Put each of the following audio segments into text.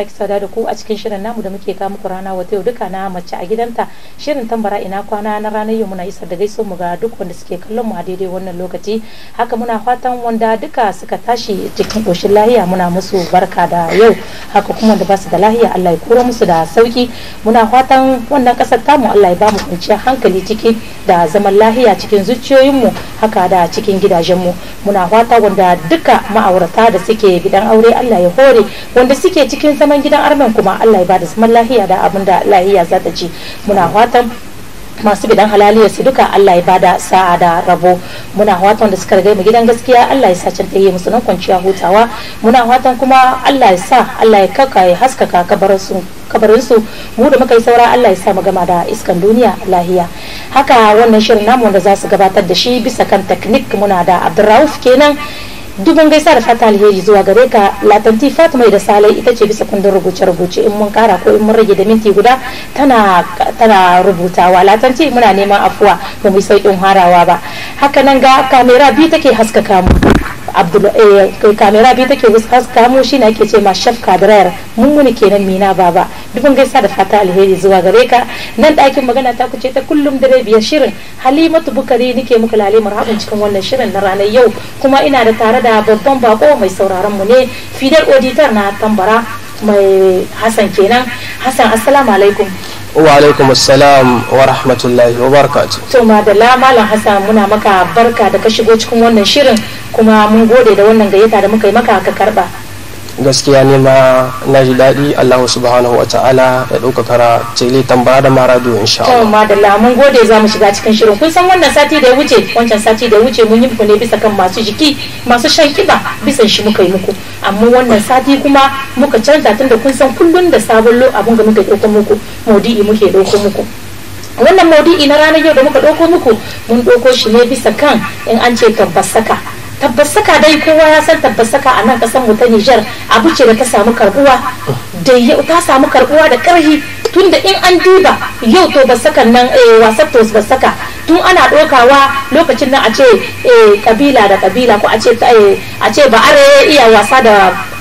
sake sada da ku a cikin shirin namu da muke kawo muku rana wata yau duka na mace a gidanta shirin tambara ina kwana na ranar yau muna isar da gaisuwa mu ga duk wanda suke kallon mu a daidai wannan lokaci haka muna fatan wanda duka suka tashi cikin koshin lahiya muna musu barka da yau haka kuma wanda ba su da lahiya Allah ya koro musu da sauki muna fatan wannan kasar tamu Allah ya ba mu kwanciyar hankali ciki da zaman lahiya cikin zuciyoyinmu haka da cikin gidajenmu muna fata wanda duka ma'aurata da suke gidan aure Allah ya hore wanda suke cikin zaman zaman gidan armen kuma Allah ya bada zaman lafiya da abin da lahiya za ta ci muna fatan masu gidan halaliya su duka Allah ya bada sa'a da rabo muna watan da suka riga mu gidan gaskiya Allah ya sa can yi musu nan kwanciya hutawa muna watan kuma Allah ya sa Allah ya kaka ya haskaka kabarin su mu da muka yi saura Allah ya sa mu gama da iskan duniya lahiya haka wannan shirin namu da za su gabatar da shi bisa kan technique muna da Abdurrauf kenan dubin gaisa da fata alheri zuwa gare ka latanti fatima da salai ita ce bisa kundin rubuce rubuce in mun kara ko in mun rage da minti guda tana tana rubutawa latanti muna neman afuwa ba mu sauƙin harawa ba haka nan ga kamera biyu take haskaka mu abdul eh, kamera biyu take haska mu shi ne ake ce ma shaf mun muni kenan mina baba dubin gaisa da fata alheri zuwa gare ka nan ɗakin magana ta kuce ta kullum dare biyar shirin halimatu bukari nike muku lale marhaban cikin wannan shirin na ranar yau kuma ina da tare da babban bako mai sauraron mu ne fidar auditor na tambara mai hassan kenan hassan assalamu alaikum wa alaikum assalam wa rahmatullahi wa barakatuh to madalla malam hassan muna maka barka da ka shigo cikin wannan shirin kuma mun gode da wannan gayyata da muka yi maka ka karba gaskiya ne ma na ji daɗi Allah subhanahu wa ta'ala ya kara tele tambara da maradu insha Allah. Tawon madalla mun gode za mu shiga cikin shirin kun san wannan sati da ya wuce wancan sati da ya wuce mun yi muku ne bisa kan masu jiki masu shan kiba bisa shi muka yi muku amma wannan sati kuma muka canza tunda kun san kullum da sabon lo abin da muka ɗauko muku maudi'i muke ɗauko muku. Wannan maudi'i na ranar yau da muka ɗauko muku mun ɗauko shi ne bisa kan in an ce tabbas saka tabbasaka dai kowa ya san tabbasaka a nan kasan mu ta Nijar abu ce da ta samu karbuwa da ta samu karbuwa da karhi tunda in an diba yau to basakan nan eh, wasa to basaka tun ana dokawa lokacin nan a ce kabila eh, da kabila ko a ce eh, a ce ba are iya wasa da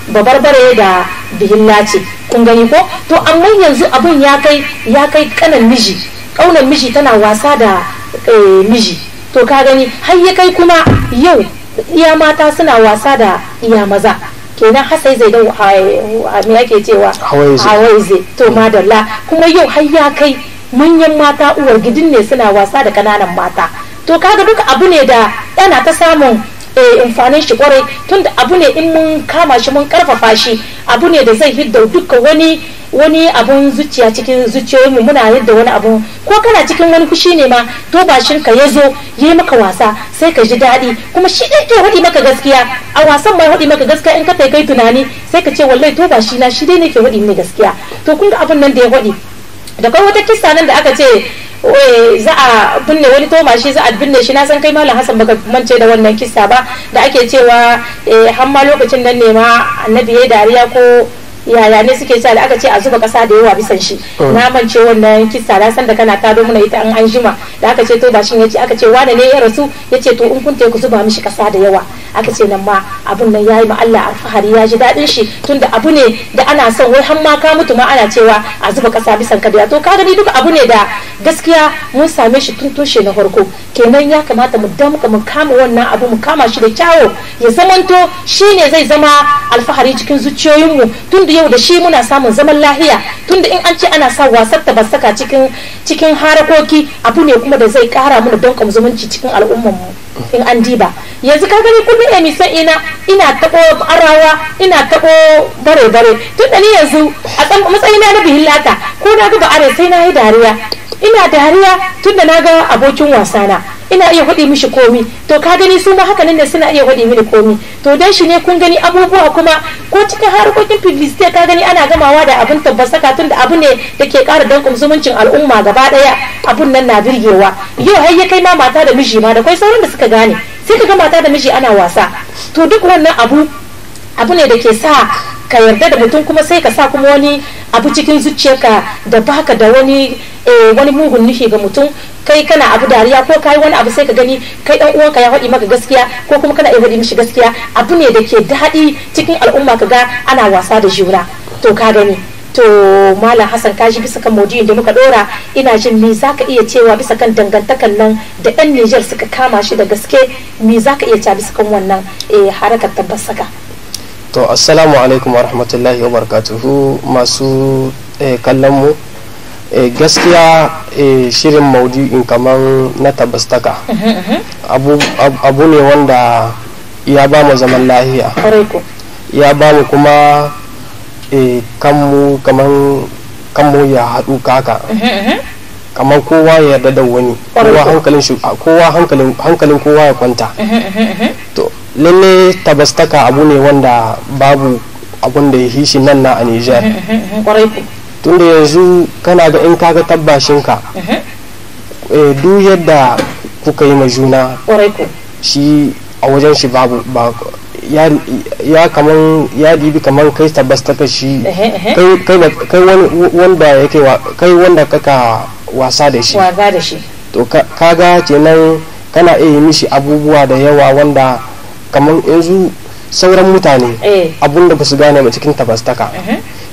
babarbare da bihilla ce kun gani ko to amma yanzu abun ya kai ya kai kanan miji kaunan miji tana wasa da miji to ka gani har ya kai kuma yau iya mata suna wasa da iya maza kenan hasai zai da me ake cewa hawaize to mm. madalla kuma yau har ya kai manyan mata uwar gidin ne suna wasa da kananan mata to kaga duka abu ne da yana ta samun eh, amfanin shi kwarai tunda abu ne in mun kama shi mun karfafa shi abu ne da zai hidda dukkan wani wani abun zuciya cikin zuciyoyinmu muna yadda wani abun ko kana cikin wani fushi ne ma to ba shin ka yazo zo yi maka wasa sai ka ji daɗi kuma shi ɗin ke hudi maka gaskiya a wasan ba hudi maka gaskiya in ka kai kai tunani sai ka ce wallahi to ba shi na shi dai ke hudi ne gaskiya to kun ga abun nan da ya hudi da kai wata kissa nan da aka ce za a binne wani toma shi za a binne shi na san kai malam hasan baka mance da wannan kissa ba da ake cewa eh, har ma lokacin nan ne ma annabi ya dariya ko yaya ne suke cewa da aka ce a zuba kasa da yawa bisan shi oh. na mance wannan kisa na san da kana ta domin ita an an jima da aka ce to ba shin yace aka ce wane ne ya rasu yace to in kun ku zuba mishi kasa da yawa aka ce nan ma abun nan yayi ma Allah alfahari ya ji dadin shi tunda abu ne da ana son wai har ma ka mutu ma ana cewa a zuba kasa bisan ka da to ka gani duka abu ne da gaskiya mun same shi tun tushe na farko kenan ya kamata mu damka mu kama wannan abu mu kama shi da kyawo ya zamanto shine zai zama alfahari cikin zuciyoyinmu tun tunda yau da shi muna samun zaman lahiya tunda in an ce ana sa wasar ta basaka cikin cikin harakoki abu ne kuma da zai kara mana don zumunci cikin al'ummar mu in an diba yanzu ka gani kullum emisa ina ina tabo arawa ina tabo bare bare tunda ni yanzu a matsayina na bihillata ko na ga ba are sai na yi dariya ina dariya tunda na ga abokin wasana ina iya faɗi mishi komi to ka gani su ma haka nan suna iya faɗi mini komi to dan shi ne kun gani abubuwa kuma ko cikin harkokin publicity ka gani ana gamawa da abin tabbasaka tun da abu ne da ke ƙara danƙon zumuncin al'umma gaba ɗaya abun nan na birgewa yau har ya kai ma mata da miji ma da kwai sauran da suka gane sai ka ga mata da miji ana wasa to duk wannan abu abu ne da ke sa ka yarda da mutum kuma sai ka sa kuma wani abu cikin zuciyarka da baka da wani eh, wani mugun nufi ga mutum kai kana abu dariya ko kai wani abu sai ka gani kai dan uwanka ya faɗi maka gaskiya ko kuma kana iya faɗi mishi gaskiya abu ne da ke daɗi cikin al'umma ka ga ana wasa da jura to ka gani to malam hassan kaji bisa kan maudu'in da muka dora ina jin me zaka iya cewa bisa kan dangantakan nan da yan Nijar suka kama shi da gaske me zaka iya cewa bisa kan wannan eh harakar tabbasaka saka to assalamu alaikum wa rahmatullahi wa barakatuhu masu eh, kallon mu eh, gaskiya eh, shirin maudu'in kamar na tabbastaka abu ne wanda ya ba mu zaman lahiya ya ba mu kuma kanmu kanmu ya haɗu kaka kamar kowa ya yarda wani kowa hankalin kowa ya kwanta to lalle tabastaka abu ne wanda babu abun da ya yi nan na a nijar eh, eh, eh, tunda yanzu kana ga in kaga tabbashinka duk yadda kuka yi ma juna shi a wajen shi babu ya kaman ya dibi kaman kai tabbastaka shi kai wanda yake kai wanda kaka wasa da shi to kaga kenan kana iya yi mishi abubuwa da yawa wanda kamar yanzu sauran mutane eh. abun da ba su gane ba cikin tabastaka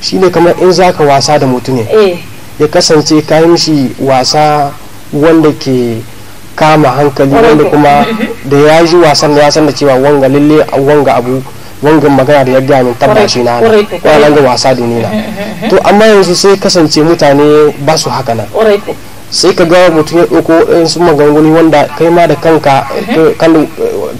shine kamar in za ka wasa da mutum ne eh. ya kasance kayan shi wasa wanda ke kama hankali wanda kuma da ya ji wasan da ya san da cewa wanga lalle wanga abu wangan magana da ya gaya min tabbashi na wannan ga wasa da ni na to amma yanzu sai kasance mutane ba su haka nan sai ka ga mutum ya ɗauko su maganganu wanda kai ma da kanka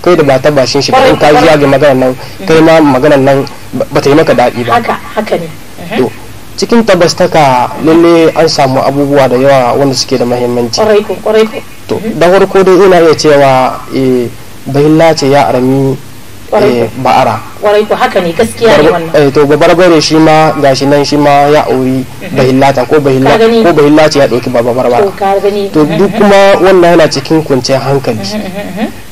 kai da ba ta bashin shi ba in ka ga maganar nan kai ma maganar nan ba ta yi maka daɗi ba haka haka ne to cikin tabbas taka lalle an samu abubuwa da yawa wanda suke da muhimmanci kwarai kwarai ko ko to mhm. da farko dai ina iya cewa eh bayyana ce ya arami eh, ba'ara kwarai ko haka ne gaskiya ne wannan eh to babar bare shi ma gashi nan shi ma ya auri mhm. bahillata ko bahilla ko bahilla ce ya dauki babar ba to ka gani to duk mhm. kuma wannan yana cikin kunce hankali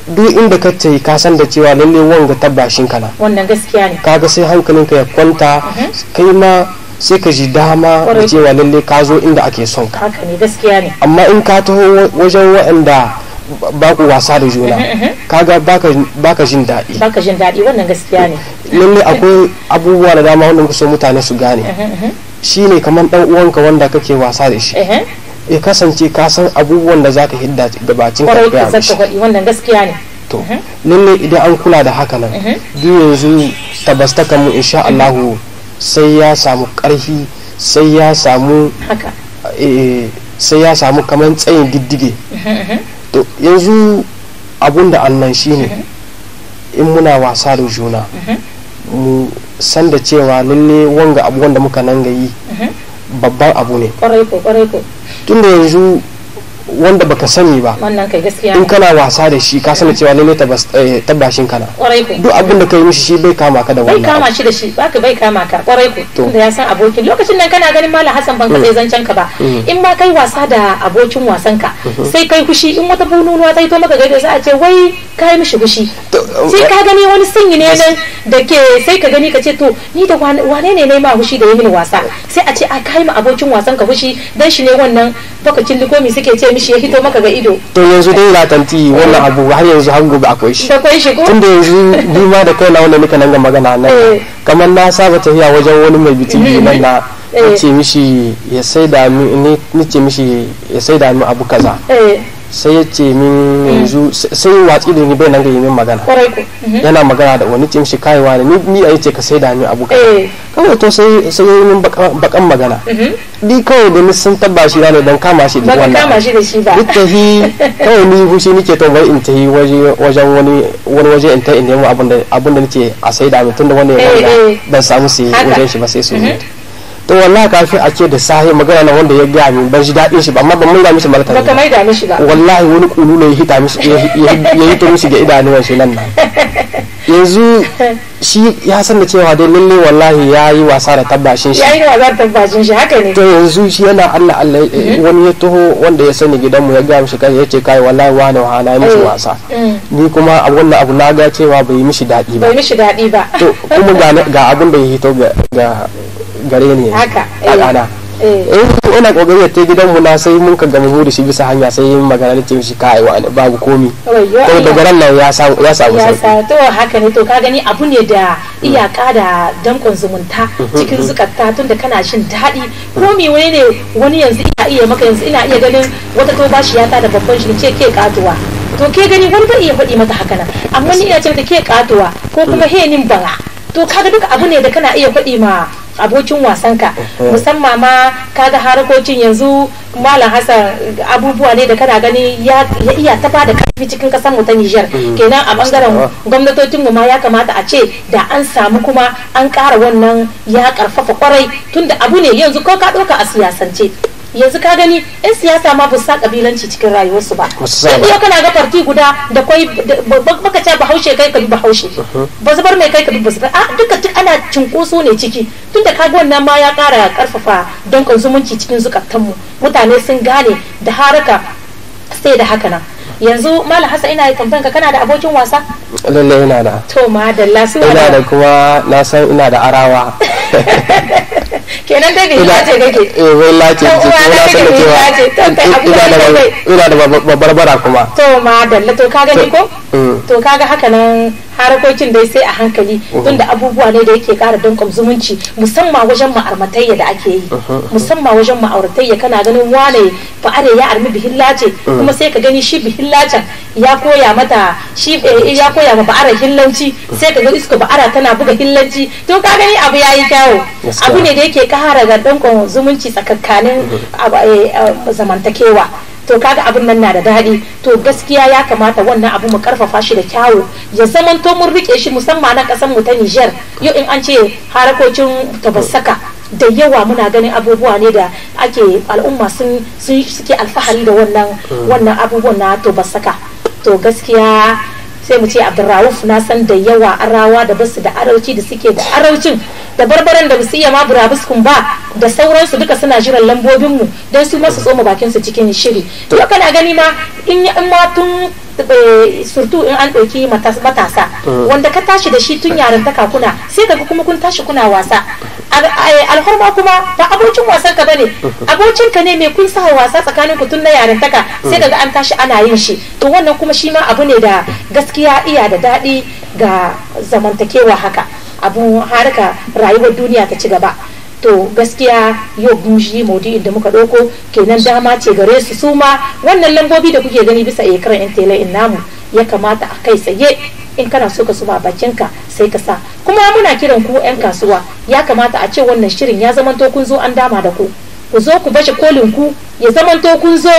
duk inda ka ce ka san da cewa lalle wanga tabbashin kana wannan gaskiya ne kaga sai ka ya kwanta mhm. kai ma sai ka ji dama da cewa lalle ka zo inda ake son ka haka ne gaskiya ne amma in ka taho wajen waɗanda ba ku wasa da juna mhm, mhm. kaga baka jin daɗi baka jin daɗi wannan gaskiya ne lalle akwai abubuwa da dama wanda so mutane su gane shine kamar dan uwanka wanda kake wasa da shi ya kasance ka san abubuwan da zaka hidda gabacin ka ga wannan gaskiya ne to mhm. lalle idan an kula da haka nan mhm. duk yanzu tabastaka mu insha Allah sai ya samu karfi sai ya samu haka eh, sai ya samu kaman tsayin diddige mhm, to yanzu abun da Allah shine in muna wasa da juna mu san da cewa lalle wanga abuwan da muka nan ga yi babban abu ne kwarai ko kwarai ko tunda yanzu wanda baka sani ba in kana wasa da shi ka sani cewa lalle eh, tabbashin kana duk abin da kai mishi shi bai kama ka da wannan bai kama shi da shi baka bai kama ka kwarai ku da ya san abokin lokacin nan kana ganin malam Hassan ban kai mm. zancen ka ba mm. in ma kai wasa da abokin wasan ka mm-hmm. sai kai fushi in wata bununuwa ta to maka gaida za a ce wai kai mishi fushi sai eh, ka gani wani sanyi ne nan da ke sai ka gani ka ce to ni da wane ne ne ma fushi da yi mini wasa sai a ce a kai ma abokin wasan ka fushi dan shi ne wannan lokacin likomi suke ce mishi ya hito maka ga ido to yanzu dai latanti wannan abu har yanzu har gobe akwai shi akwai shi ko tunda yanzu ni da kaina wannan muka nan ga magana nan eh. kamar na saba tafiya wajen wani mai bitimi hmm. nan na eh. ce mishi ya saida da ni ce mishi ya sai da abu kaza eh. sai ya ce min yanzu sai watsi da ni bai nan ga yi min magana mhm. yana magana da wani cin shi kaiwa ne ni ni a yace ka sai da ni abu eh. kawai to sai sai yi min bakan magana mhm. ni kawai da sun tabba shi ne dan kama shi da wannan kama shi da shi ba duk tahi kawai ni fushi nake to bai in tahi waje wajen wani wani waje in ta in nemo abin da abin da nake a sai da ni tunda wanda ya eh, ga eh. ban samu sai wajen shi ba sai su yi mhm. to wallahi kafin a ce da sahi magana na wanda ya gaya min ban ji daɗin shi ba amma ban maida mishi malaka ba mai da mishi ba wallahi wani kulu ne ya hita mishi ya hito mishi ga idanuwan shi nan nan yanzu shi ya san da cewa dai lalle wallahi ya yi wasa da tabbashin shi ya yi wasa da tabbashin shi haka ne to yanzu shi yana Allah Allah eh, mm-hmm. wani ya taho wanda ya sani gidanmu ya gaya mishi kai ya ce kai wallahi wani wahala ya mishi mm. wasa mm. ni kuma a wannan abu na ga cewa bai mishi daɗi ba bai mishi daɗi ba to kuma ga abin da ya hito ga gare ni haka eh, eh. in ina kokari ta gidan mu na sai mun ka gama da shi bisa hanya sai mun magana ce shi kai wa babu komi kuma daga garan nan ya sa ya ya sa to haka ne to ka gani abu ne da mm. iyaka da dankon zumunta mm-hmm, cikin mm-hmm. zukatta tun da kana shin daɗi komi wani ne wani yanzu ina iya maka yanzu ina iya ganin wata to ba shi ya ta da babban shi ce ke katuwa to ke gani wani ba iya faɗi mata haka nan amma ni ina ce da ke katuwa ko kuma mm-hmm. henin bara to kaga duka abu ne da kana iya faɗi ma abokin ka. Eh. musamman ma kaga harkokin yanzu malam hassan abubuwa ne da kana gani ya iya ta da karfi cikin kasar mu ta Niger mm. kenan a bangaren gwamnatocin mu ma ya kamata a ce da an samu kuma an ƙara wannan ya karfafa kwarai tunda abu ne yanzu ko ka ɗauka a siyasance yanzu ka gani yan siyasa ma ba sa kabilanci cikin rayuwarsu ba duk yau kana ga farti guda da kwai baka ce bahaushe kai ka bi haushe uh-huh. ba zubar mai kai ka bi ba zubar a duka duk ana cinkoso ne ciki tunda ka ga wannan ma ya kara karfafa dankon zumunci cikin zukatanmu mutane sun gane da haraka sai da haka nan yanzu malam hasa ina yi ka kana da abokin wasa lallai ina da to ma da ina da kuma na san ina da arawa kenan ta bi lace kake eh wai lace ce ko na san cewa ina da ina da babbar bara kuma to ma dalla to kaga ni ko mm. to kaga haka nan harakokin dai sai a hankali mm-hmm. tunda abubuwa ne da yake kara danƙon zumunci musamman wajen ma'armatayya da ake yi mm-hmm. musamman wajen ma'auratayya kana ganin wane fa are ya armi bihilla ce mm. kuma sai ka gani shi bihilla can ya koya mata shi eh, ya koya ma ba'ara hillanci sai ka ga iska ba'ara tana buga hillanci to ka gani abu yayi kyawo abu ne da yake zai kara ga dankon zumunci tsakakkanin eh, eh, zamantakewa to kaga abin nan na da daɗi to gaskiya ya kamata wannan abu mu karfafa shi da kyawu ya zaman to mun rike shi musamman na ƙasar mu ta Niger yau in an ce harakocin tabassaka da yawa muna ganin abubuwa ne da ake al'umma sun suke alfahari da wannan hmm. wannan abubuwan na tabassaka to gaskiya sai mu ce abdurrauf na san da yawa arawa da basu da arauci da suke da araucin da barbaran da basu iya ma burabuskun ba da sauransu duka suna jiran lambobinmu don su masu tsoma bakin su cikin shiri to kana gani ma in in ma tun eh, surtu in an ɗauki matasa mm. wanda ka tashi da shi tun yaran taka kuna sai ka kuma kun tashi kuna wasa eh, alhorma kuma ba abincin wasan ka bane mm-hmm. Abincin ka ne mai kun sa wasa tsakanin ku tun na yaran taka sai daga an tashi ana yin shi to wannan kuma shi ma abu ne da gaskiya iya da daɗi ga zamantakewa haka abun harka rayuwar duniya ta ci gaba to gaskiya yau gunshi Maudu inda muka ɗauko kenan dama ce gare su su ma wannan lambobi da kuke gani bisa ekran yan tele in namu ya kamata a kai tsaye in kana so ka suma bakinka sai ka sa kuma muna kiran ku yan kasuwa ya kamata a ce wannan shirin ya zamanto kun zo an dama da ku ku zo ku bashi kolin ku ya zamanto kun zo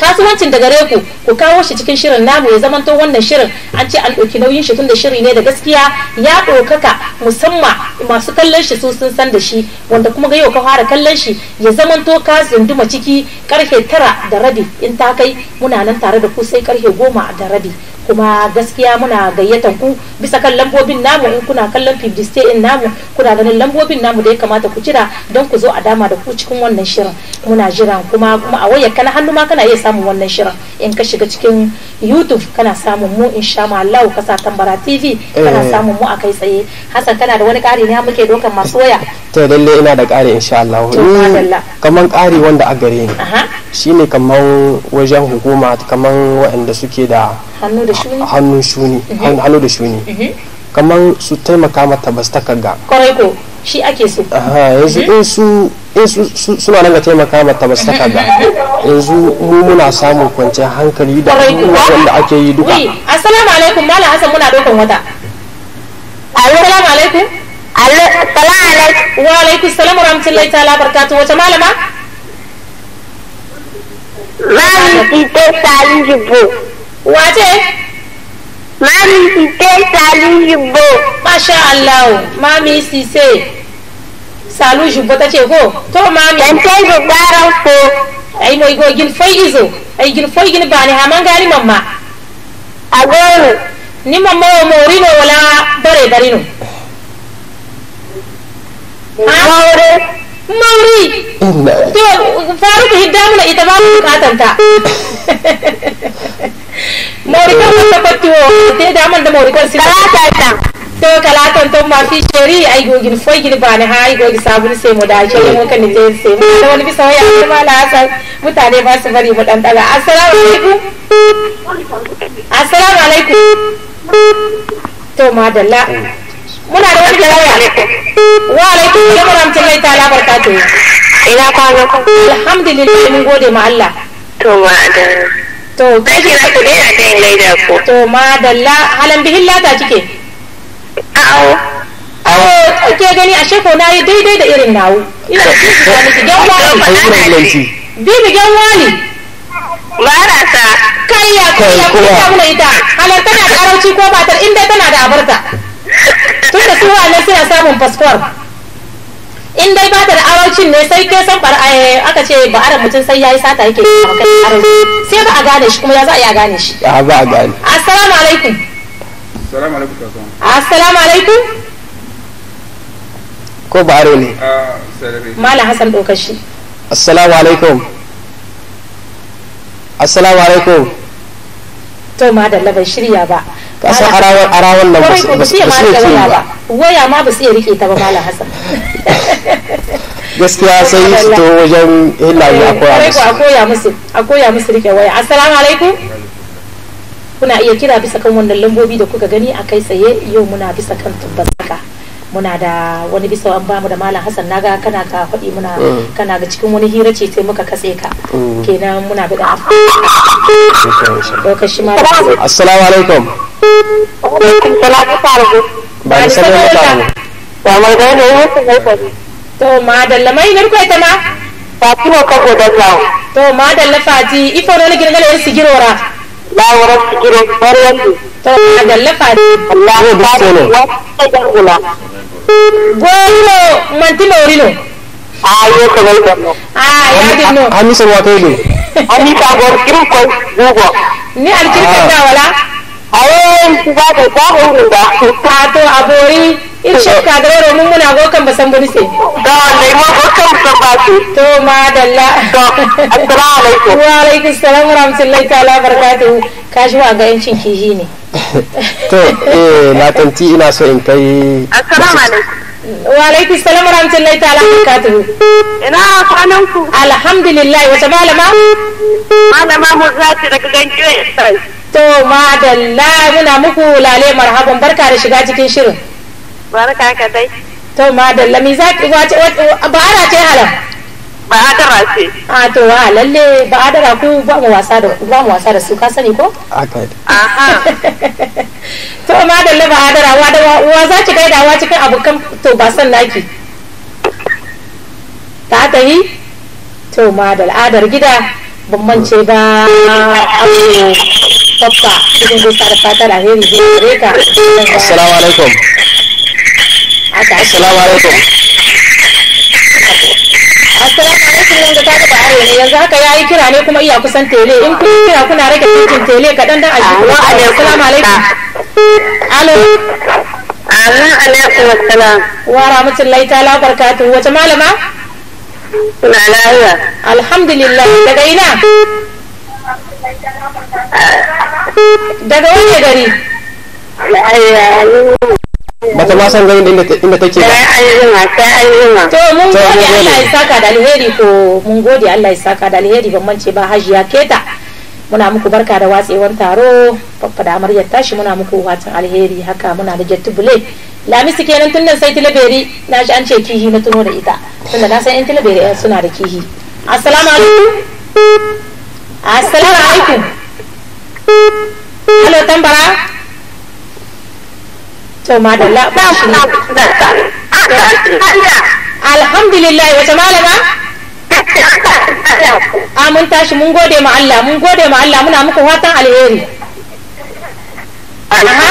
kasuwancin da gare ku ku kawo shi cikin shirin namu ya zamanto wannan shirin an ce an ɗauki nauyin shi tunda shiri ne da gaskiya ya ɗaukaka musamman masu kallon shi su sun san da shi wanda kuma ga yau ka fara kallon shi ya zamanto ka zunduma ciki karfe tara da rabi in ta kai muna nan tare da ku sai karfe goma da rabi kuma gaskiya muna gayyatan ku bisa kan lambobin namu in kuna kallon fifty in namu kuna ganin lambobin namu da ya kamata ku jira don ku zo a dama da ku cikin wannan shirin muna jiran kuma kuma a wayar kana hannu ma kana iya samun wannan shirin in ka shiga cikin youtube kana samun mu sha Allah ka sa tambara tv kana eh. samun mu a kai tsaye hasan kana da wani ƙari ne muke dokan masu waya to lalle ina da ƙari in sha Allah kaman ƙari wanda a gare ni shine kamar wajen hukuma kamar waɗanda suke da hannu shuni mhm. hannu da shuni mhm. kamar su taimaka mata ba su kaga. kwarai ko shi ake so yanzu mhm. in su suna nan ga taimaka mata ba su kaga yanzu mu muna samun kwanciyar hankali da da ake yi duka assalamu alaikum malam hasan muna dokan wata assalamu alaikum assalamu alaikum wa alaikum salaam wa rahmatullahi ta'ala barkatu wace malama Mami salubre. Wate? Mami salubre. Masha Allah. Mami Cissé. Salubre ta ce ko? To mami. Dan tai gubaran ko. Ai mo igo gin foi izo. Ai gin foi gin bani ha mangari mamma. Agoro. Ni mamma o morino wala bare barino. Ha? Agoro. mauri to faruk hidda mana ita ba bukatan ta mauri kan wata fattuwo te da man da mauri kan ta ta. to kalatan to ma fi sheri ai gin foi gin ba ne ha ai gogi sabun sai mu da shari mu kan je sai mu da wani bisa waya amma la hasan mutane ba su bari mu dan daga assalamu alaikum assalamu alaikum to madalla mm. muna da wani jalaya wa alaikum salam ta labarta ta'ala barakatuh ina kwana alhamdulillah mun gode ma Allah to ma da to kai ki ku ta a dai laida ko to ma la halan bihin lata kike a'o awo ke gani ashe ko na yi daidai da irin nawo ina da kike da miki gawa bi mi gawa ne ba rasa kai ya kai ya kuma ita halar tana arauci ko batar inda tana da abarta tun da suwa ne suna samun fasfor in dai bata da awancin ne sai ke san bar eh, aka ce ba aran mutum sai yayi sata yake sai ba a gane shi kuma ya za a yi a gane shi a ba a gane assalamu alaikum assalamu alaikum assalamu alaikum ko ba aro ne ah, mala hasan dokashi assalamu alaikum assalamu alaikum to ma da laban shirya ba kasan arawar arawar nan ba su iya ba waya ma ba iya rike ta ba malam hasan gaskiya sai su to wajen a koya musu a musu rike waya assalamu alaikum kuna iya kira bisa kan wannan lambobi da kuka gani a kai tsaye yau muna bisa kan muna da wani bisa an bamu da malam hasan naga kana ka faɗi muna mm. kana ga cikin wani hira ce sai muka katse ka mm. kenan muna bi da assalamu alaikum to madalla mainar koytama fatimo ka godajaw to madalla faji ifonole girgal yer sigirora lawara sigiro barwandu to madalla faji allah ta dangula goyilo mantino rino ayo ko bai banno ah ya dinno amisa wato ne amisa gor kirin ko zugo ni alkirin da wala awai za ka za ka hunga ka to abori in shakka da yaro mun muna gokan basan burse da wallahi mun gokan basan basu to ma dalla assalamu alaikum wa alaikum assalam wa rahmatullahi ta'ala barakatuhu ka shi wa ga cin kihi ne to eh latanti ina so in kai assalamu alaikum wa alaikum assalam wa rahmatullahi ta'ala barakatuhu ina kwanan ku alhamdulillah wata malama malama mu zati daga ganjiwa sai To madalla muna muku lale marhaban barka da shiga cikin shirin. Barka ka dai. To madalla mi za ki wace ba'ara ce halam. Ba'adara ce. A to wa lalle ba'adara ku ba mu wasa da ba mu wasa da su ka sani ko? Aka. Aha. To madalla ba'adara wa da wa za ki wa cikin abokan to ba san naki. Ta ta yi? To madalla adar gida. bambance mance ba abu babba cikin gusa da fatar alheri zai gare ka assalamu alaikum assalamu alaikum assalamu alaikum yanzu ta gaba arewa ne yanzu haka ya yi kira ne kuma iya kusan tele in kun kira kuna rage cikin tele kaɗan dan aji wa assalamu alaikum alo Amin alaikum assalam. Wa rahmatullahi ta'ala barkatu wace malama? Kuna lafiya. Alhamdulillah daga ina? Daga wani gari? Bata ma san gari inda take ba. Sai an jima, sai an jima. To mun gode Allah ya saka da alheri ko mun gode Allah ya saka da alheri ban mance ba hajiya keta. Muna muku barka da watsewar taro, faffa da amaryar tashi muna muku watan alheri haka muna da jettubule. lamisi kenan tun nan sai tilaberi na shi an ce kihi na tuno da ita tunda na san yan tilaberi yan suna da kihi assalamu alaikum assalamu alaikum halo tambara to ma da la ba shi alhamdulillah wace malama a ah, mun tashi mun gode ma Allah mun gode ma Allah muna muku fatan alheri aha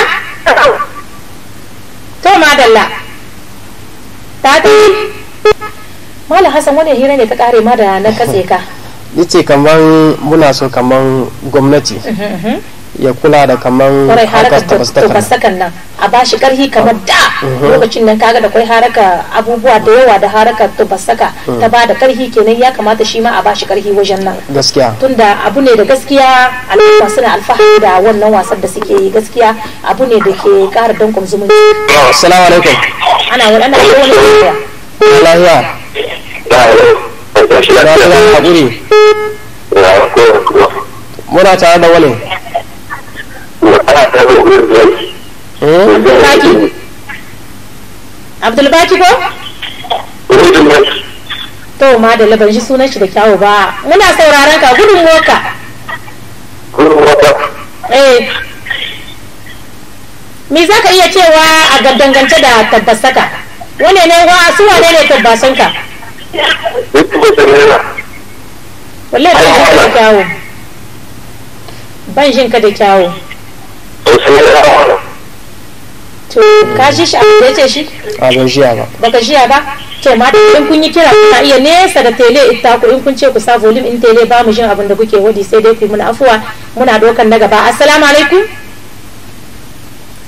to madalla tati eh. malam hasan wani hira ne ta kare ma da na katse ka ce kaman muna so kaman gwamnati mhm, mhm. ya kula da kaman harkar nan a bashi karhi kamar da mhm. lokacin nan kaga da kwai haraka abubuwa da yawa da haraka tabastaka mhm. ta ba da karhi kenan ya kamata shi ma a bashi karhi wajen nan gaskiya tunda abu ne da gaskiya al'umma suna alfahari da wannan wasan da suke yi gaskiya abu ne da ke kara dankon zumunci assalamu alaikum ana wani ana wani lafiya lafiya muna tare da wani Baki. Eh? Abdulbaki ko? To ma da laban shi sunan shi da kyawu ba. Muna sauraron ka gudun moka. Eh. Me za ka iya cewa a dangance da tabbasaka? Wane ne wa su wane ne tabbasanka? Wallahi ban shi da kyawu. Ban shi ka da kyawu. ka ji shi a ce shi a ban jiya ba baka jiya ba to ma in kun yi kira kuna iya nesa da tele ita ku in kun ce ku sa volume in tele ba mu jin abin da kuke wadi sai dai ku muna afuwa muna dokan na gaba assalamu alaikum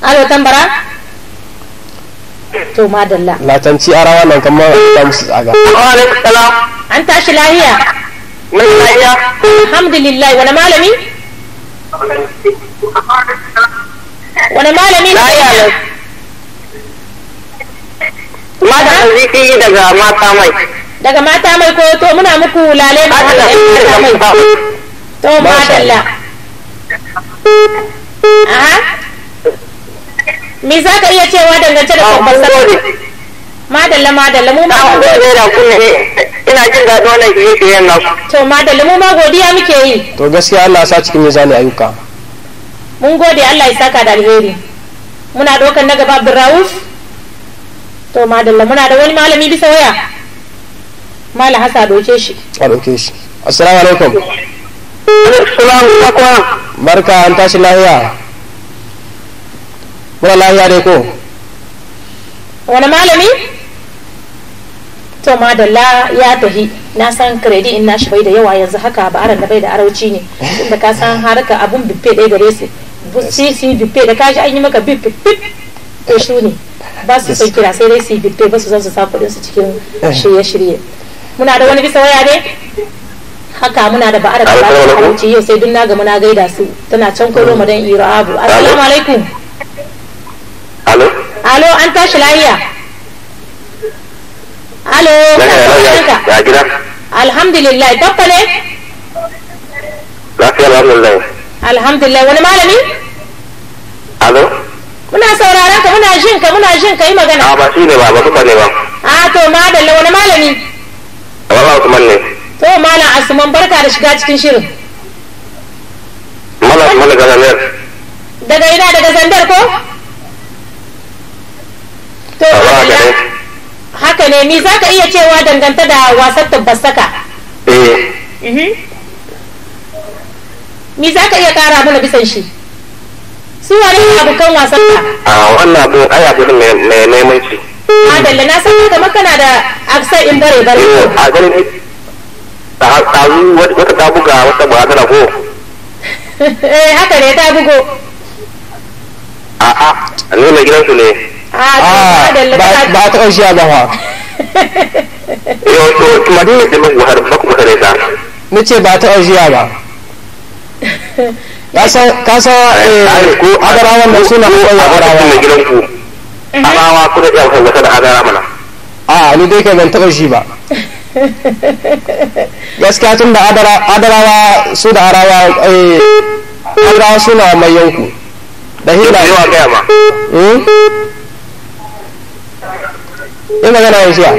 alo tambara to madalla latanci a rawa nan kamar tamsu a ga an tashi lahiya mun lahiya alhamdulillah wani malami wani malami na iya Mata yi daga mata mai. Daga mata mai ko to muna muku lalai da haka mata mai. To ma Aha. Me za ka iya cewa dangance da babban sarari Madalla madalla mu ma godiya da ku ne. Ina jin daɗin wannan biye-biyen nasu. To madalla mu ma godiya muke yi. To gaskiya Allah ya sa cikin mizani ayyuka. mun gode Allah ya saka da alheri muna ɗaukar na gaba Abdurrauf to madalla muna da wani malami bisa waya mala hasa doke shi a doke shi assalamu alaikum barka an tashi lahiya muna lahiya dai ko wani malami to madalla ya tafi na san kredi in shi bai da yawa yanzu haka ba aran da bai da arauci ne inda ka san harka abun biffe ɗaya gare su sisi bippe da kaji an yi maka bip bip to su ne ba su son kira sai dai su yi ba su san su sa kuɗin su cikin shirye-shirye muna da wani bisa waya ne haka muna da ba'ar da ba da wuce yau sai dun na gama na gaida su tana can kolo madan iro abu assalamu alaikum alo alo an tashi lahiya alo alhamdulillah dokta ne lafiya alhamdulillah alhamdulillah wani malami alo muna sauraron ka muna jin ka muna jin ka yi magana a ah, ba shi ne ba ba kuma ne ba a ah, to madalla wani malami wala usman ne to malam asuman barka da shiga cikin shirin malam malam zandar daga ina daga zandar ko to ah, haka ne ni za ka iya cewa danganta da wasan tabbas saka eh mhm. mi za ka iya kara mana bisan shi su wani kan wasan ka a wannan abu ai ne mai a dalla na san kamar na da afsar in bare bare a ganin tsaru wata ta buga wata ta ko eh haka ne ta bugo a a nuna gidansu ne ah, ah, ba ta ƙarshe a banwa yau to madina da maguhar ba ku mutane ta ce ba ta ƙarshe ba ka sa agarawan da suna kawai agarawa a gidanku agarawa eh? kuka iya wata da agara mana a ni dai ka ban taɓa shi ba gaskiya tun da adarawa su da arawa adarawa eh, suna mai yanku da hila yawa gaya ma hmm? ina gana yanzu ya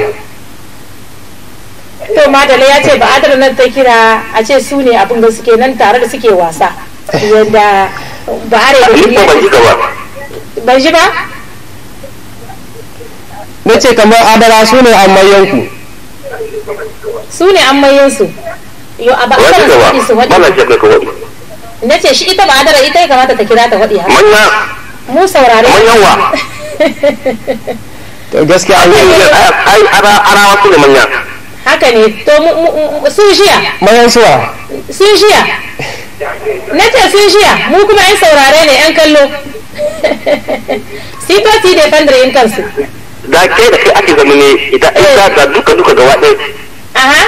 to madala ya ce ba'adar nan ta kira a ce su ne abin da suke nan tare da suke wasa yadda ba'are da kuri ban ji ba na ce kamar adara su ne ku su ne su. yo a ba'adar su ne su waɗi na ce shi ita ba'adar ita ya kamata ta kira ta waɗi haka mu saurare manyan wa gaskiya an yi arawa su ne manyan haka ne to sun shiya bayan suwa sun shiya na ce sun shiya mu kuma yan saurare ne yan kallo sifati da fandar yin kansu da ke da kai ake zama ne idan ai za ga duka duka gaba ɗaya aha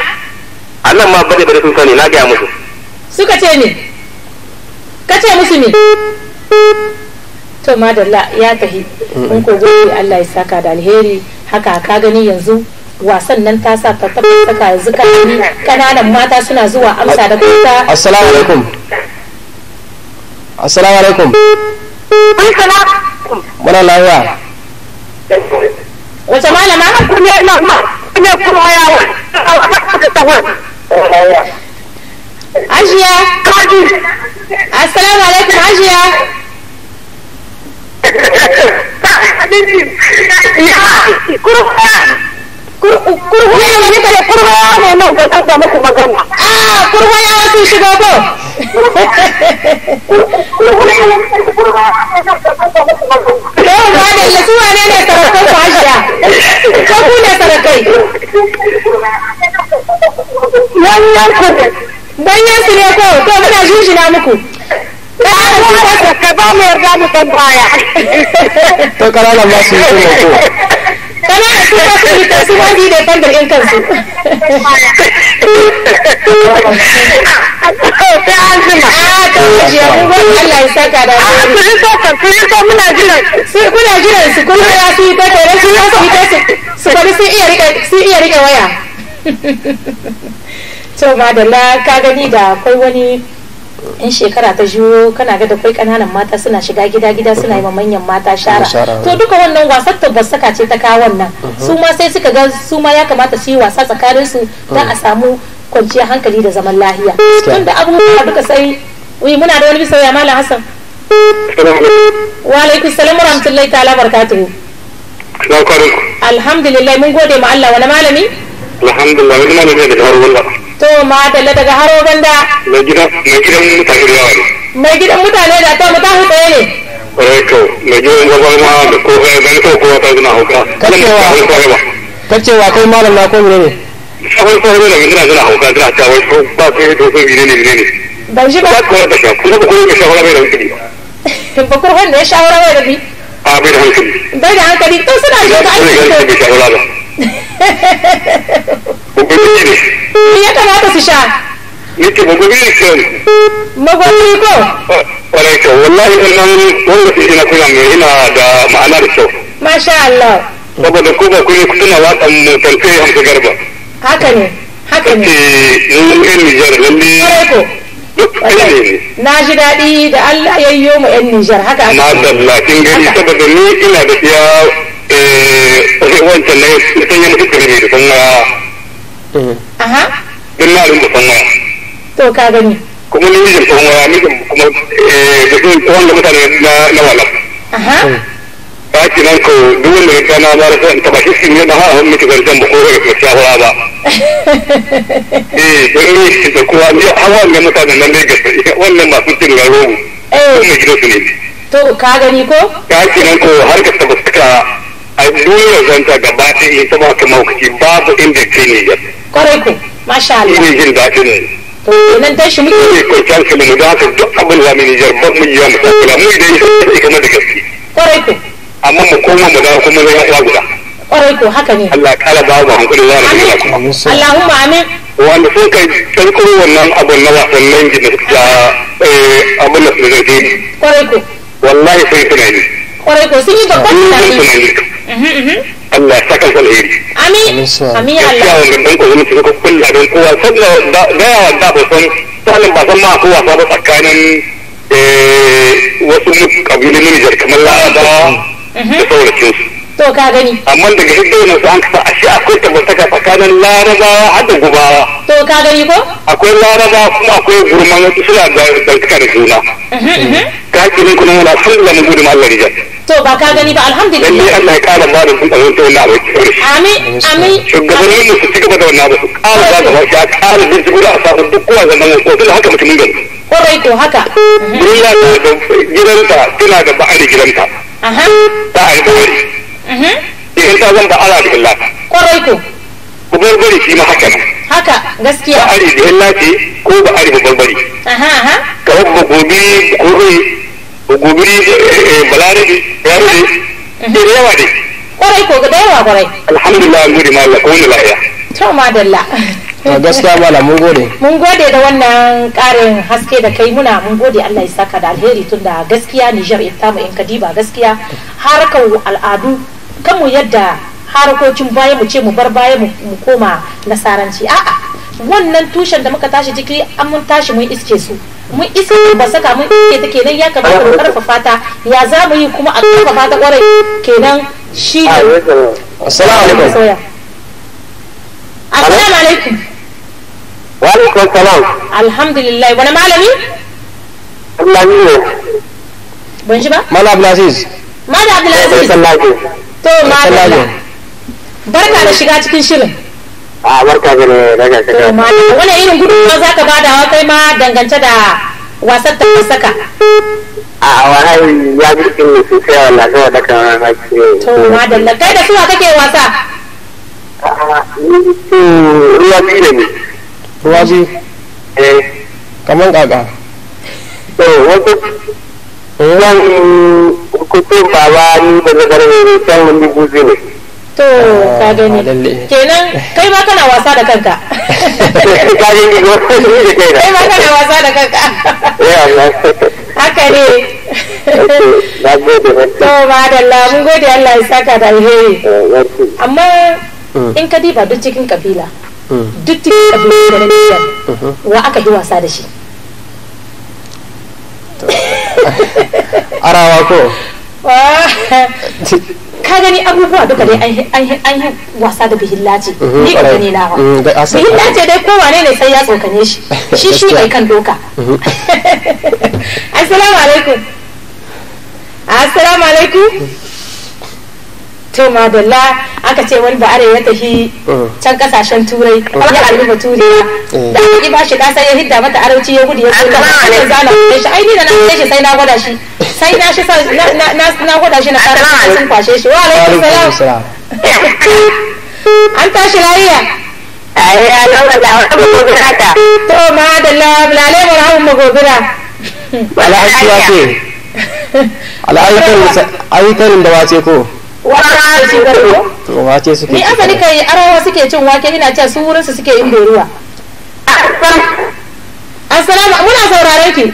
Allah ma bare bare sun sani na gaya musu suka ce ne ka ce musu ne to madalla ya tafi mun ko gobe Allah ya saka da alheri haka ka gani yanzu wasan nan ta sa ka saka yanzu kananan mata suna zuwa amsa da kuka assalamu alaikum assalamu alaikum muna lafiya wace malama ne kuma yawo Ajiya. Assalamu alaikum Ajiya. kurhu ne ne kare kurhu ya ne nan ga kan da muku magana ah kurhu ya wato shiga ko kurhu ne ne kurhu ya ne nan ga muku magana eh ba da su ne tarakan ku hajiya ko ku ne tarakai wannan su ne ko to muna jujjina muku ka ba mu yarda mu san baya to karalan ba su yi ko kana da su za su su ma da kan kansu. A ya kuma Allah ya saka da su. Su yi kan su yi muna jiran. Su kuna jiran su kuma ya su yi ta tare su ya su su. Su kwari iya rike waya. To madalla ka gani da akwai wani in shekara ta juyo kana ga da kai kananan mata suna shiga gida gida suna yi ma manyan mata shara to duka wannan wasar tabbas saka ce ta kawo wannan uh-huh. su ma sai suka ga su ma ya kamata su yi wasa tsakanin su don a uh-huh. samu kwanciyar hankali da zaman lahiya tunda abubuwa duka sai muna da wani bisa ya Mala hassan wa alaikum salam rahmatullahi ta'ala barakatuhu alhamdulillah mun gode ma Allah wa malami alhamdulillah mun gode ma Allah to madalla daga haro ganda mai gidan mutane da ta mai gidan mutane da ta tsaye ne eh, to mai gidan gaba ma da ko kai ban to ko ta zuna hauka kacewa kacewa kai malam na ko ne sabon kwarai da gina gina hauka gina ta wai ko ba sai to sai gine ne gine ne ban shi ba ko da shi ko da shawara ba. da ba ko ya shawara bai da bi a bai da hankali bai da hankali to suna da Me ya kamata su sha? Nake magwagwiri kyau. Magwagwiri ko? Kwarai kyau, wallahi wannan wanda su ina kuna mai ina da ma'ana da kyau. Masha Allah. Saboda ko ba kuni kuna waƙan mutanke hamsa garba. Haka ne, haka ne. Ake mun yan Nijar lalle. Kwarai ko? Na ji daɗi da Allah ya yi mu 'yan Nijar haka na Masha Allah, kin gani saboda ni ina da iya wasu eh, eh, wancan eh. na mutum ya mutu karfe da sanwa aha don na rinka sanwa to ka gani kuma ni mijin sanwa mijin kuma mutum wanda mutane na wala aha ba ki nan ko duk wanda ya kana ba da san taba shi ne da hawa mutu garjan ba ko ga kwaciya hawa ba eh don ne da kuwa ni hawa ne mutane nan ne gaskiya wannan masu cin garo eh ne gidansu ne to ka gani ko ka ki nan ko har ka tabbata ai burin zanta gaba ɗaya ta ba ta babu inda ke Kwarai ku, masha Allah. Ina jin daɗin to nan shi muke ne ko can mu da duk abin da ba mu yi mu mu da yi kama da gaske. Kwarai Amma mu koma mu kuma zai guda. Kwarai haka ne. amin. Wanda sun kai kuma wannan abin na wasannin gina da eh, abin da zai tunani. kwarai ko sun yi babban tunani mhm, mhm. Allah ya saka alheri amin amin Allah ya ga dan ko mun shiga kullu don kowa saboda da ya da ba san talin ba san ma kowa ba tsakanin eh, wasu kabilun Niger kamar Larabawa mhm. da sauransu to ka gani amma daga hikimin su an kasa ashe akwai tabbata tsakanin larabawa har da gubawa to ka gani ko akwai larabawa kuma akwai gurman wasu suna dantuka da juna mhm, mhm. ka hakilin kuna yana sun zama ma Allah rijal to ba ka gani ba alhamdulillah lalle Allah ya kara ba da sun tsawon ta wannan abu amin amin shugabannin mu su cigaba da wannan abu su kara ba da wasu ya kara bin jigura a safin duk kowa zaman wasu tun haka mutumin gani kwarai ko haka duniya da gidanta tana da ba'ar gidanta ta a yi Eh, in ta zanta ala da illa kwarai ko ku barbari shi haka haka gaskiya ba ari da illa ce ko ba ari da barbari kamar ba gobe ko rai ba gobe eh, eh, balarabe yarabe da yawa ne kwarai ko da yawa kwarai alhamdulillah an gode mallah ko wani lahiya to madalla gaskiya mala mun gode mun gode da wannan karin haske da kai muna mun gode Allah ya saka da alheri tunda gaskiya Niger ita mu in kadiba gaskiya harkar al'adu kan mu yadda harakocin baya mu ce mu bar baya mu koma nasaranci a'a wannan tushen da muka tashi ciki an mun tashi mun iske su mun iske ba saka mun iske ta kenan ya kamata mu karfafa ta ya za mu yi kuma a karfafa ta kwarai kenan shi ne assalamu alaikum assalamu alaikum wa alaikum salam alhamdulillah wani malami malami ne ban shi ba malam abdulaziz malam abdulaziz to madalla barka da shiga cikin shirin a barka da daga shiga wani irin gudunmawa za ka bada kai ma dangance da wasan ta saka a wani ya bi kin sosai wallahi saboda kan haki to madalla kai da suwa kake wasa ruwa biyu ne ruwa biyu eh kaman kaka to wasu nan kuce ba ni da ka ne can mun dubu ne to ka gani ah, kenan kai ma kana wasa da kanka ka gani kai ma kana wasa da kanka haka ne to da madalla mun gode Allah ya saka da alheri eh, amma hmm. in ka diba duk cikin kabila hmm. duk cikin kabila da na hmm. wa aka yi wasa da shi arawa ko ka gani abubuwa duka dai an yi wasa da bihillaci mhm, ni a gani nawa. Mhm, bihillaci dai kowa ne sai ya tsokane shi shi shi mai kan doka mhm. assalamu alaikum assalamu alaikum to madalla aka ce wani ba ya tafi mm. can kasashen turai mm. ya albi ba. Mm. da kuɗi ba shi ɗasa ya hidda mata arauci ya gudu ya so na wani zana shi ai ni da na kai shi sai na gwada shi sai na shi na gwada shi na ƙara sun kwashe shi wa alaikum salam an tashi lafiya to madalla lalai mu rahun magobira wala ai kuwa ce al'ayyukan da wace ko wake suke ko to wake suke ni asali arawa suke cin wake ina cewa su wurin suke yin doruwa assalamu muna saurare ki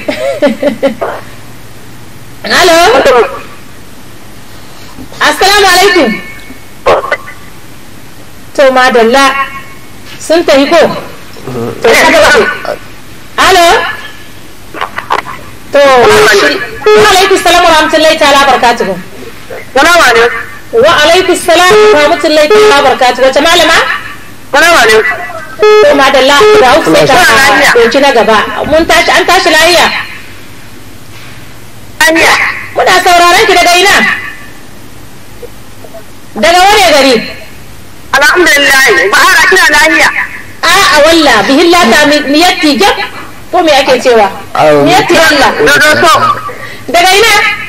Alo? assalamu alaikum to madalla sun tafi ko to hello to alaikum salamu wa salamu ta'ala salamu alaikum wa alaikum salam wa rahmatullahi wa barakatuh wace malama salamu alaikum da madalla da hausa ta yanci na gaba mun tashi an tashi lafiya muna sauraron ki daga ina daga wane gari alhamdulillah ba a kina lafiya a a walla bihin lata miyatti jab ko me ake cewa miyatti walla daga ina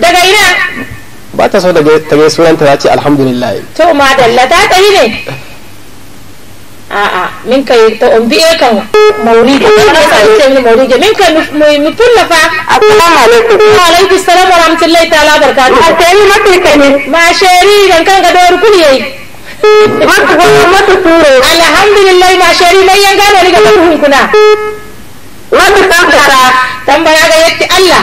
daga ina ba ta so ta ga sunanta ta ce alhamdulillah to madalla ta yi ne a'a min kai ta e eh kan mauridi ana sa ce min mauridi min kai mu tullafa assalamu alaikum wa alaikum assalam wa rahmatullahi ta'ala barakatuh asiri mafi kane ma sheri dan kan ga dawar kuli yayi mata alhamdulillah ma shari mai yanga da riga ta kuna wani tambara tambara ga yatti Allah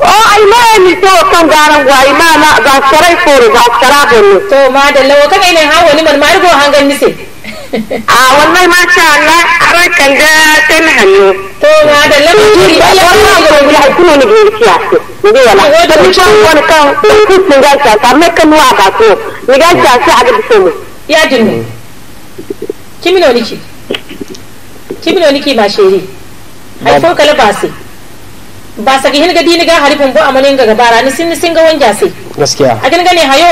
o aymani tewo kan garango aymana gaskaray fore gaskaragonno to madalla wo kam enen ha woniman marigo hanganni se a wallahi masha allah aran kanga ten to madalla wonaagoahay kunoni genkiyase nige kan kus nigan case amma kan wa gaso nigan case aga bisomo yajinno kiminoniki ki ma chéri hay fo kala basi ba sagi ga dini ga harifin bo amalin ga gabara ni sin sin ga wanja sai gaskiya a gani gane hayo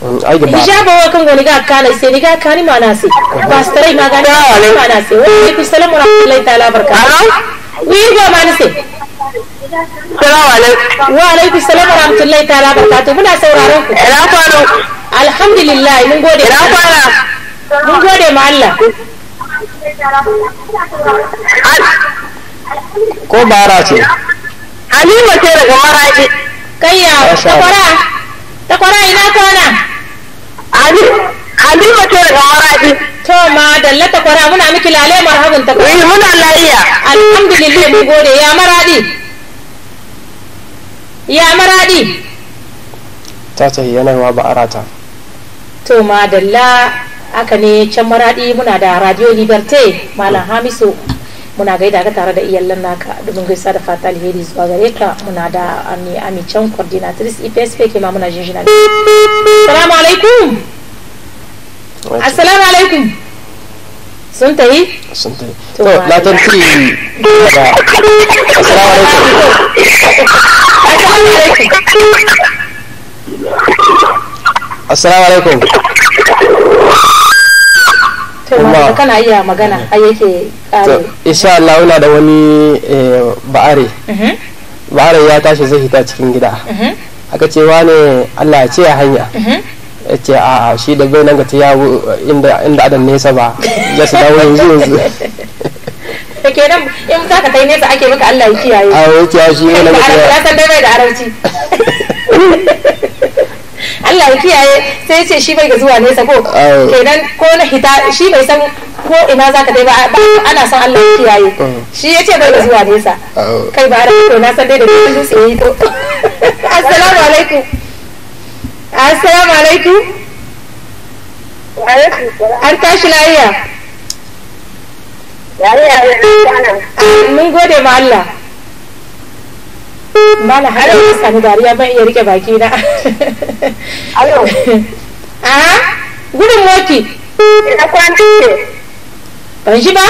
mm, ai da ba wa kan goni ga kana sai ni ga kani ma na sai ba starai ma gani ma na sai wa alaikum salam wa ta'ala barakatuh wi go ma ni sai salamu alaikum wa alaikum salam wa rahmatullahi ta'ala to muna sauraron ku ina alhamdulillah mun gode ina mun gode ma Allah ko bara ce halima ce daga maraɗi kayya takwara takwara ina kwana halima ce daga maraɗi to ma dalla takwara muna miki lale marhabin takwara eh muna lafiya alhamdulillah mu gode ya maraɗi ya maraɗi ta ce yanarwa ba arata to ma dalla haka ne can maraɗi muna da radio liberté malam hamisu muna gaida ga tare da iyalan naka domin gaisa da fata alheri zuwa gare ka muna da ami amicen coordinatrice ipsp e ke ma muna jinjina assalamu alaikum assalamu alaikum sun tayi sun tayi to latan ti da assalamu alaikum assalamu alaikum assalamu alaikum kuma kana iya magana a yake kare insha Allah da wani eh, ba'are mhm. ba'are ya tashi zai hita cikin gida mhm. aka ce wane Allah ya ce a hanya mhm. ya ce a shi da bai nan ga ta yawo inda adam nesa ba ya su dawo yanzu yanzu da ke nan in za ka kai nesa ake maka Allah ya kiyaye a yi kiyaye shi ne na ga ya san dai bai da arauci Allah ya kiyaye sai ce shi bai ga zuwa nesa ko kenan ko na hita shi bai san ko ina zaka dai ba ana san Allah ya kiyaye shi ya ce bai ga zuwa nesa kai ba da to na san dai da su yi to assalamu alaikum assalamu alaikum an tashi lafiya mun gode ma Allah ba na hada sani dariya ban iya rike baki na a ah, gudun moki ina kwanci ban shi ba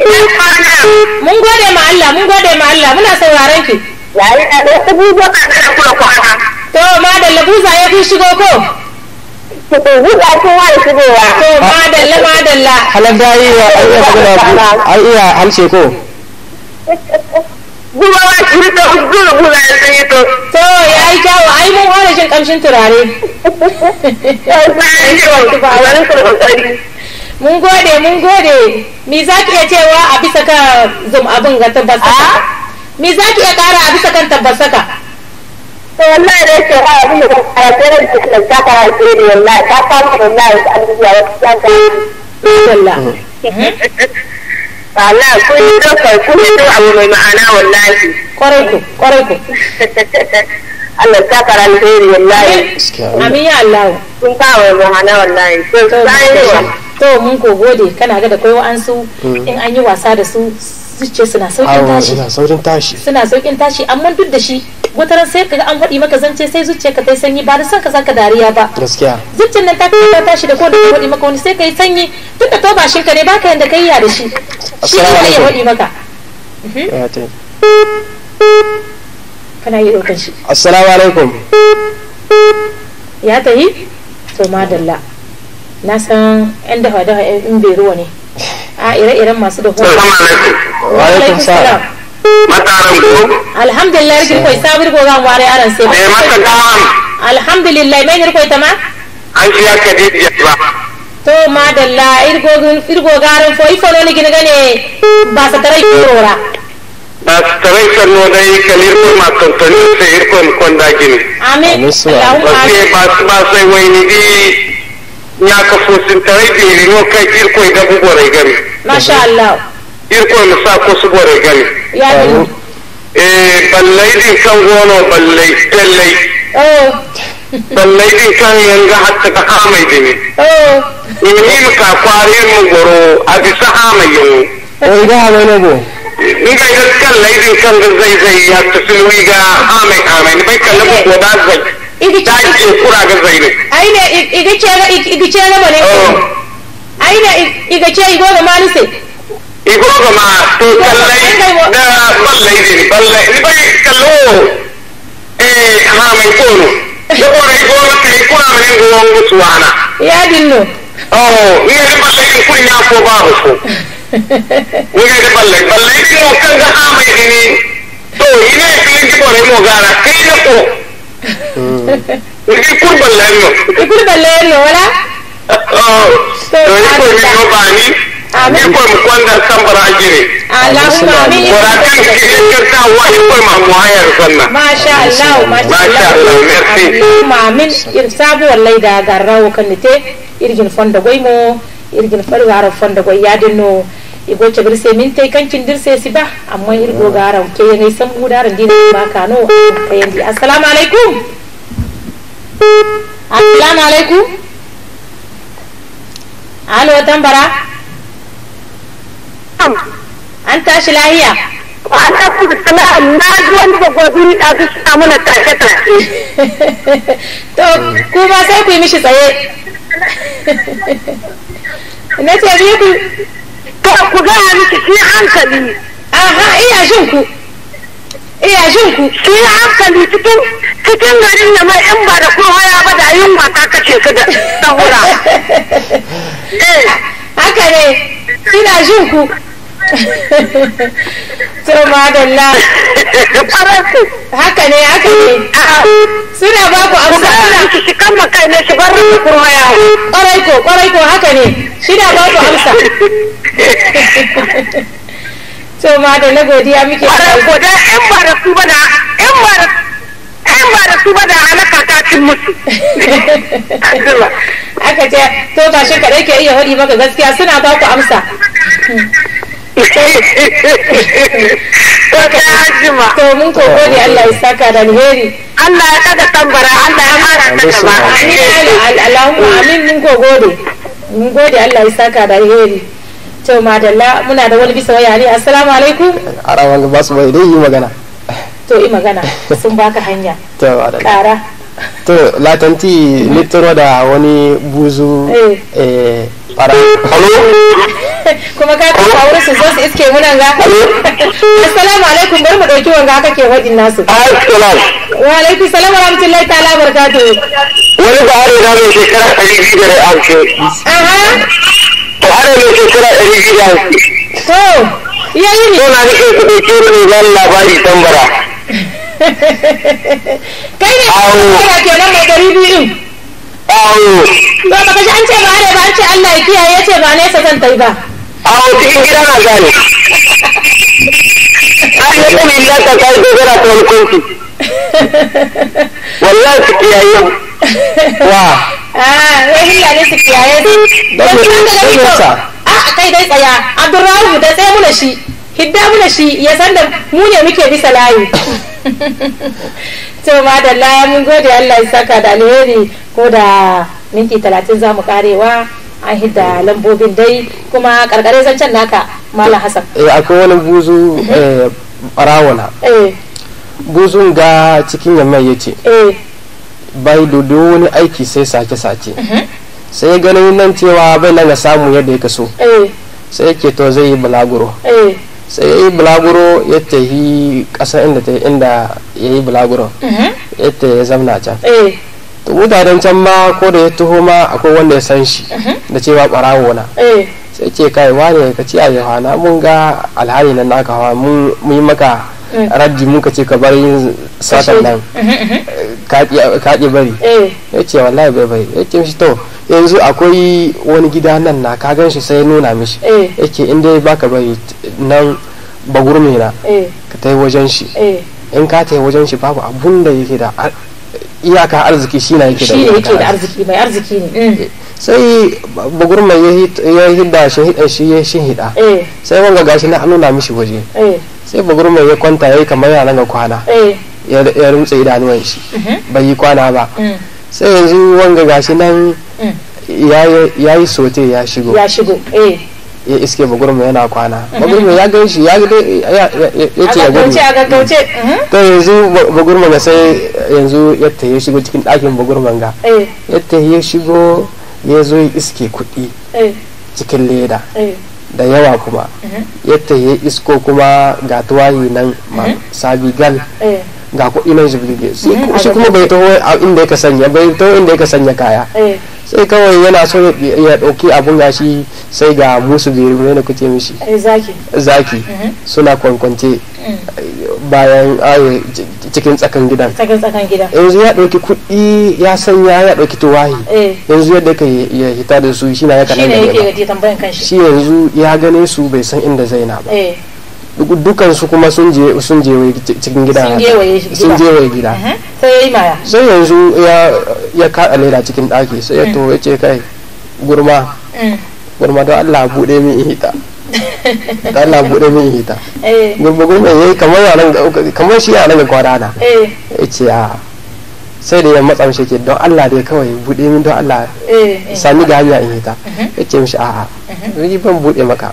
ina kwana mun gode ma Allah mun gode ma Allah muna sauraron ki yayi a da kubu ba kana kula kwana to madalla buza ya fi shigo ko ku buza ko wani shigowa to madalla madalla halan dai ya ai iya a ai iya halshe ko guba ba ki rika gudu guda ya tsaye to to yi kyawu ai mun fara jin kamshin turare mun gode mun gode me za ki iya cewa a bisa ka zum abin ga tabbasaka ah? me za ki iya kara a bisa kan tabbasaka to wallahi dai ke ha abin da ka tsere da ka tsaka ha da ne wallahi ka samu wallahi an yi wa tsaka wallahi Wala kun yi dokar kun yi abu mai ma'ana wallahi. Kwarai ku, kwarai ku. Allah ta kara alheri wallahi. Amin ya Allah. Kun kawo ma'ana wallahi. Kun kawo to mun ko gode kana ga da kai wa'ansu hmm. in an yi wasa da su zuciya suna saukin tashi suna saukin tashi amma duk da shi wata ran sai kaga an faɗi maka zance sai zuciya ka ta sanyi ba da san ka saka dariya ba gaskiya zuciyar nan ta ta shi da ko da faɗi maka wani sai kai sanyi duk da to ba ka ne baka yanda kai ya da shi shi ne ya faɗi maka mhm. kana yi ɗaukan shi assalamu alaikum ya yi to madalla na san yan dafa dafa yan beruwa ne a ire-iren masu dafa wa alaikum salam mataran ko alhamdulillah rikir koy sabir ko gam ware aran se e eh, mata gam alhamdulillah mai nir koy tama an kiya ka de diya ba to ma dalla irgo gun irgo garan fo ifo ni gine gane ba sa tarai korora ba sa tarai kan no dai kalir ko ma ton ton se irko kon da gine amin allahumma ba ba sai wai ni di nya ka fo sin tarai bi ni ko kai irko ga bugore gari masha allah irkoyma saa kosugoore gani e ballayɗin kan goono ballay pellay ballayɗin kan yanga hattaka haamayde min inima ka kwaarirmo goro abisa haamayen nga hamaynogo nga ga kallayɗin kanga zay zay hatta silwiga haamay haamayne ɓay kalla ko goɗa zay daƴe kuraga zayne ayne iga ceega iga ceega mone ayne iga cee igoga maalise ఇప్పుడు మా పల్లైది పల్లైది పైకల్లో ఆమె కోను ఎవరు కోను ఎక్కువ ఆమె సువాన యాదిన్ను ఓ నేను పల్లైది కుడి నా పోబాబుకు నేను పల్లైది పల్లైది ఒక్కగా ఆమె ఇది తో ఇనే పిలిచి కొరేమో గారా కైనకు ఇది ఇప్పుడు పల్లైను ఇప్పుడు పల్లైను ఓలా ఓ తో ఇప్పుడు నేను బాని amin ko mu kwanda sambara ajire Allahumma amin wala kan ki kan ta wa ko ma mu hayar sanna masha Allah masha Allah merci amin ir wallahi da garrawo kan te irgin fonda goymo irgin fonda goy min tay kancin dir si ba amma ke budaran din kano kayandi assalamu alaikum assalamu alaikum alo tambara an tashi lahiya alaikum salam na ji wani ni da su sa mana tashe tashe to ba sai ku yi mishi tsaye na ce biyu ku to ku gaya ni ki hankali aha iya jin ku iya jin ku ki hankali cikin cikin garin na mai in ba da kowa ya ba da yin ta kace ka da hura eh haka ne ina jin ku to madalla haka ne haka ne suna ba ku amsa suna ki kama kai ne shi bar kurma ya kwarai ko kwarai ko haka ne shi da ba ku amsa to madalla godiya muke kwarai ko da yan ba da su ba da yan ba da yan ba da su ba da halaka ta cin musu aka ce to ba shi kaɗai ke iya faɗi maka gaskiya suna ba ku amsa to mun ko gode Allah ya saka da alheri Allah ya saka tambara Allah ya mara ta gaba Allahumma amin mun ko gode mun gode Allah ya saka da alheri to madalla muna da wani bisa waya ne assalamu alaikum arawan ba su bai dai yi magana to yi magana sun baka hanya to adalla to latanti littoro da wani buzu eh para eh, kuma ka ta aure su zo su iske munan ga assalamu alaikum bar mu dauki wanga kake wadin nasu assalamu wa alaikum salam wa rahmatullahi ta'ala barakatuh wani ba are da mai shekara 200 da amshe aha to are mai shekara 200 da amshe to yayi ne to na nake ku dauke ni ban labari tambara kai ne kana kenan mai ɗari biyu ba baka ji an ce ba ne ba an ce Allah ya kiyaye ya ce ba nesa zan tai ba awo cikin gida na gane an yi ɗan illa ta kai dogara ta wani kunci wallahi su kiyaye wa ah wai illa ne su kiyaye don kiran da gani ko a ah, kai dai tsaya abdurrahu da tsaye muna shi hidda muna shi ya san da mu ne muke bisa layi to da mun gode Allah ya saka da alheri ko da minti talatin za mu karewa a hidda lambobin dai kuma karkare zancen naka malam hasan eh akwai wani buzu eh, eh rawana eh buzun ga cikin yamman ya eh bai dodo wani aiki sai sace sace mhm. sai ya ganin nan cewa bai nan ga samu yadda ya kaso eh. sai ke to zai yi balaguro eh sai ya yi bulaguro ya tafi ƙasar inda ta inda ya yi bulaguro ta mhm. ya zamna can eh. to mutanen can ma ko da ya taho ma akwai wanda ya san shi da mhm. cewa ɓarawo na eh. sai ce kai wane ka ci a yohana mun ga alhali na naka hawa mun yi maka Eh. raddi muka ce ka bar yin satan nan eh. kaɗe bari eh. ya ce wallahi bai bari ya ce mishi to yanzu akwai wani gida nan na ka gan shi sai nuna mishi ya ce inda ya baka bari nan bagurme na ka ta yi wajen shi in ka ta yi wajen shi babu abun da yake da iyaka arziki shi na yake da yake da arziki mai arziki ne sai bagurme ya hidda shi hida sai wanga gashi na nuna mishi waje sai mai ya kwanta ya yi kamar yana ga kwana eh. ya rutsa idanuwan shi mhm. bai yi kwana ba mm. sai yanzu wanga gashi nan mm. ya yi sote ya shigo ya shigo eh. ya iske mai yana kwana mai mhm. ya gan shi ya ce ya gudu mhm. to yanzu bugur mai sai yanzu ya ta ya shigo cikin ɗakin mai ga eh. ya ta ya shigo ya zo ya iske kuɗi cikin leda da yawa kuma mhm. yadda ya isko kuma ga tuwayi nan mhm. sabi gal. Eh. ga kuɗi nan jiblige mhm. shi kuma bai taho inda ya sanya bai taho inda ya sanya kaya eh. sai kawai yana so ya ɗauki abun shi sai ga musu biyu ne kuke mishi eh, zaki suna kwankwance mm. bayan cikin tsakan gida tsakan yanzu ya dauki kuɗi ya sanya ya dauki tuwahi eh. yanzu yadda ka ya hita da su shine ya kana ne yake tambayan kanshi shi yanzu ya gane su bai san inda zaina ba eh. dukan su kuma sun je sun je cikin gida sun je waye gida sai yi maya sai yanzu ya ya kada leda cikin daki sai ya mm. to ce kai gurma mm. gurma don Allah bude min hita ta Allah buɗe min ita eh. gurgurme ya eh, yayi kamar yaran kamar shi yaran ga kwarana eh ce a ah. sai da ya matsa shi ke don Allah dai kawai buɗe min don Allah eh, sami ga hanya in yi mhm. yace mishi ce a mhm. ni ban buɗe maka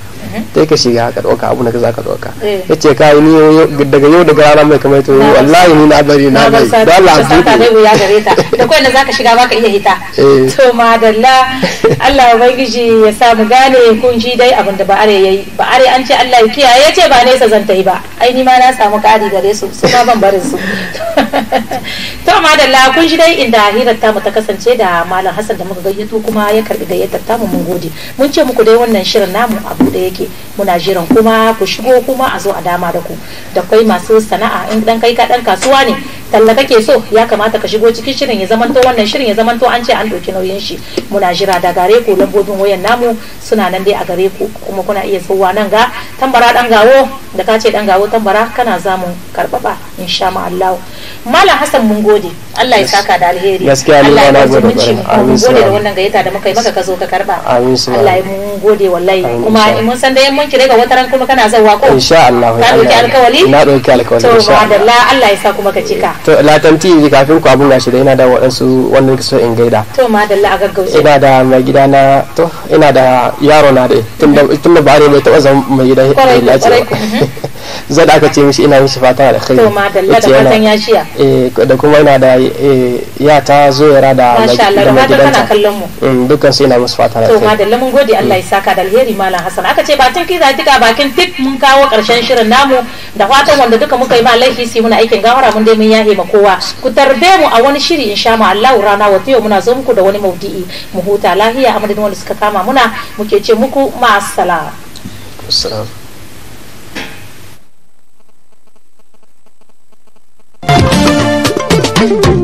sai ka shiga ka ɗauka abu na ka zaka ɗauka ya ce ni daga yau daga rana mai kamar to wallahi ni na bari na bari da Allah abu ta dai gare ta da kai zaka shiga baka iya hita eh. to madalla Allah ubangiji ya sa mu gane kun ji dai abin da ba are yayi ba are an ce Allah ya kiyaye ya ce ba nesa zan ta yi ba ai ni ma na samu ƙari gare su su ma ban barin su to madalla kun ji dai inda hirar mu ta kasance da malam Hassan da muka gayyato kuma ya karbi gayyatar tamu mun gode mun ce muku dai wannan shirin namu abu da yake yake muna jiran kuma ku shigo kuma a zo a dama da ku da kai masu sana'a in dan kai ka dan kasuwa ne talla kake so ya kamata ka shigo cikin shirin ya zamanto wannan shirin ya zamanto an ce an ɗauki nauyin shi muna jira da gare ku lambobin wayan namu suna nan dai a gare ku kuma kuna iya tsowa nan ga tambara dan gawo da ka ce dan gawo tambara kana zamu karbaba insha ma Allah malam Hassan mun gode Allah ya saka da alheri gaskiya Allah ya gode mun gode da wannan gayyata da muka yi maka ka zo ka karba Allah ya mun gode wallahi kuma in mun san wataran da yammanci daga wata ran kuma kana zauwa ko insha Allah ka dauki alkawali na dauki alkawali insha Allah to Allah Allah ya sa kuma ka cika to latanti kafin ku abun gashi da ina da wadansu wanda kake so in gaida to ma madalla a gaggauce ina da mai gida na to ina da yaro na dai tun da tun da bare mai taba zama mai gida ne zai da aka ce mishi ina mishi fata da kai to madalla da ya shiya eh da kuma ina da eh, ya ta zo yara da masha Allah da fatan kana kallon mu mm, dukkan su ina musu fata da kai to madalla mun gode Allah ya mm. saka da alheri malam hasan aka ce ba tun kiza tika bakin tik mun kawo karshen shirin namu da fatan wanda duka muka yi ma laifi su muna aikin gawara mun dai mun yahe ma kowa ku tarbe mu a wani shiri insha Allah rana wata yau muna zo muku da wani maudu'i mu huta lahiya a madadin wanda suka kama muna muke ce muku ma ma'assalam. Assalamu. Thank you.